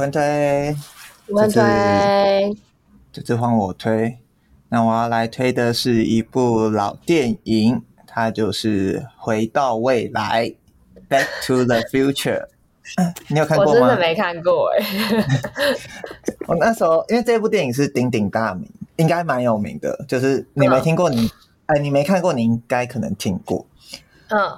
分推，分推這，這次換我推。那我要來推的是一部老電影，它就是《回到未來》 （Back to the Future）。你有看過嗎？我真的沒看過哎、欸。 我那時候因為這部電影是鼎鼎大名，應該蠻有名的。就是你沒聽過你、嗯、哎，你沒看過，你應該可能聽過。嗯，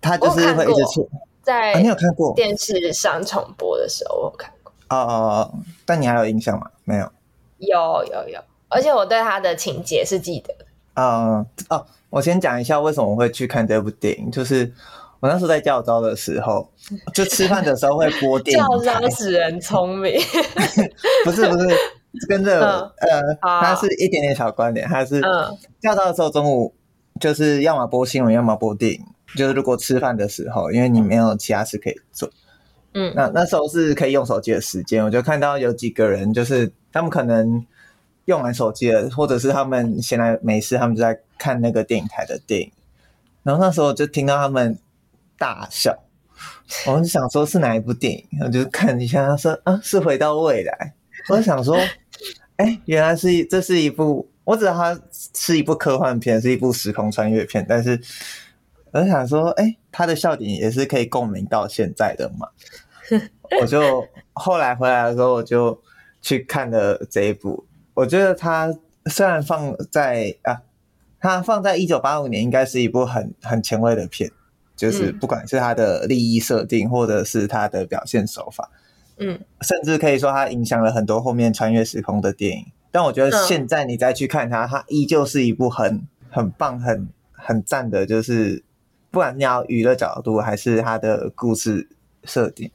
他就是會一直出在、啊、你有看過電視上重播的時候，我看。哦哦哦！Uh, 但你還有印象嗎？沒有，有有有，而且我對他的情節是記得。哦哦，我先講一下為什麼我會去看這部電影，就是我那時候在教召的時候，就吃飯的時候會播電影。教召使人聰明？ 不是不是，跟着、這個嗯、呃、啊、他是一點點小關聯。他是教召的時候中午，就是要麼播新聞，要麼播電影。就是如果吃飯的時候，因為你沒有其他事可以做。嗯，那那時候是可以用手機的時間，我就看到有幾個人，就是他們可能用完手機了，或者是他們閒來沒事，他們就在看那個電影台的電影。然後那時候就聽到他們大笑，我們就想說，是哪一部電影？我就看一下，他說啊，是《回到未來》。我就想說，哎、欸，原來是，這是一部，我知道它是一部科幻片，是一部時空穿越片，但是我就想說，哎、欸，他的笑點也是可以共鳴到現在的嘛。 我就後來回來的時候，我就去看了這一部。我覺得它雖然放在啊，它放在一九八五年應該是一部很很前衛的片，就是不管是它的利益設定，或者是它的表現手法，嗯，甚至可以說它影響了很多後面穿越時空的電影。但我覺得現在你再去看它，它依舊是一部很很棒、很很讚的，就是不管你要娛樂角度，還是它的故事。設定，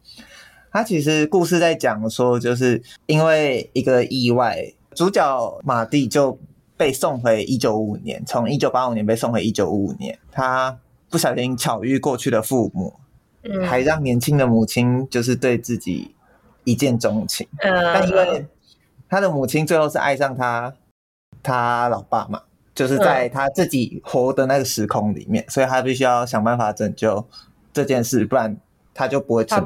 他其實故事在講說，就是因為一個意外，主角馬蒂就被送回一九五五年，從一九八五年被送回一九五五年，他不小心巧遇過去的父母，嗯、還讓年輕的母親就是對自己一見鍾情。嗯、但因為他的母親最後是愛上他他老爸嘛，就是在他自己活的那個時空裡面，嗯、所以他必須要想辦法拯救這件事，不然。他就不會存在。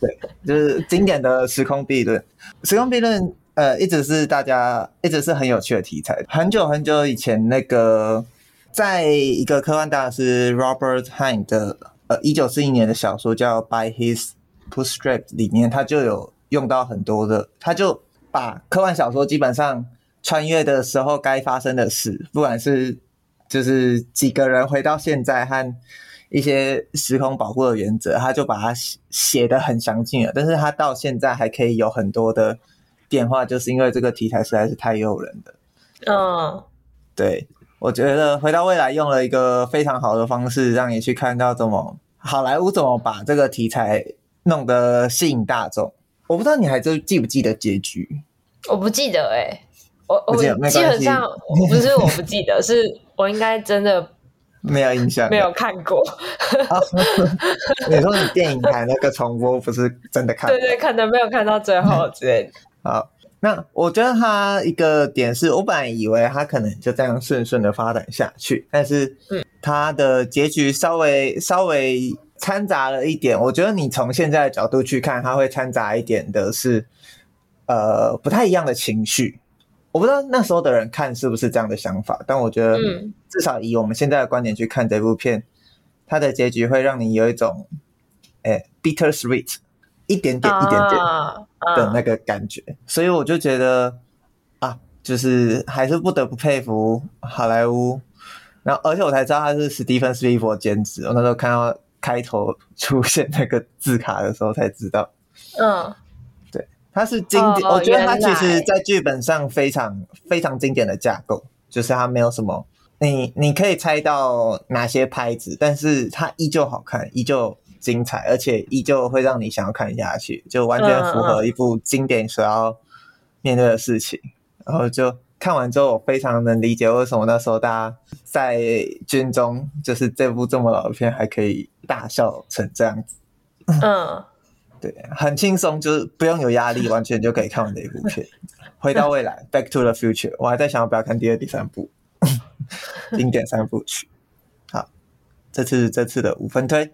對，就是經典的時空悖論。時空悖論，呃，一直是大家一直是很有趣的題材。很久很久以前，那個在一個科幻大師 Robert Heinlein 的呃一九四一年的小說叫《By His Bootstraps》裡面，他就有用到很多的，他就把科幻小說基本上穿越的時候該發生的事，不管是就是幾個人回到現在和。一些時空保護的原則，他就把它寫寫得很詳盡了。但是他到現在還可以有很多的變化，就是因為這個題材實在是太誘人了。嗯，對，我覺得回到未來用了一個非常好的方式，讓你去看到怎麼好萊塢怎麼把這個題材弄得吸引大眾。我不知道你還記不記得結局？我不記得哎、欸，我，我記得基本上不是我不記得，是我應該真的。 沒有印象，沒有看過、 哦。你說你電影台那個重播，不是真的看？對對，可能沒有看到最後，之類。好，那我覺得它一個點是，我本來以為它可能就這樣順順的發展下去，但是它的結局稍微稍微摻雜了一點。我覺得你從現在的角度去看，它會摻雜一點的是，呃，不太一樣的情緒。我不知道那時候的人看是不是這樣的想法，但我覺得至少以我們現在的觀點去看這部片，嗯、它的結局會讓你有一種，哎、欸、bitter sweet，一點點一點點的那個感覺。啊啊、所以我就覺得啊，就是還是不得不佩服好萊塢。然後，而且我才知道他是史蒂芬史匹柏監製，我那時候看到開頭出現那個字卡的時候才知道。嗯、啊。它是經典，我覺得它其實，在劇本上非常非常經典的架構，就是它沒有什麼，你你可以猜到哪些拍子，但是它依舊好看，依舊精彩，而且依舊會讓你想要看下去，就完全符合一部經典所要面對的事情。然後就看完之後，我非常能理解為什麼那時候大家在軍中，就是這部這麼老的片還可以大笑成這樣子。嗯。對，很輕鬆，就是不用有壓力，完全就可以看完的一部片。回到未來，《Back to the Future》，我還在想要不要看第二、第三部，經典三部曲。好，這次是這次的五分推。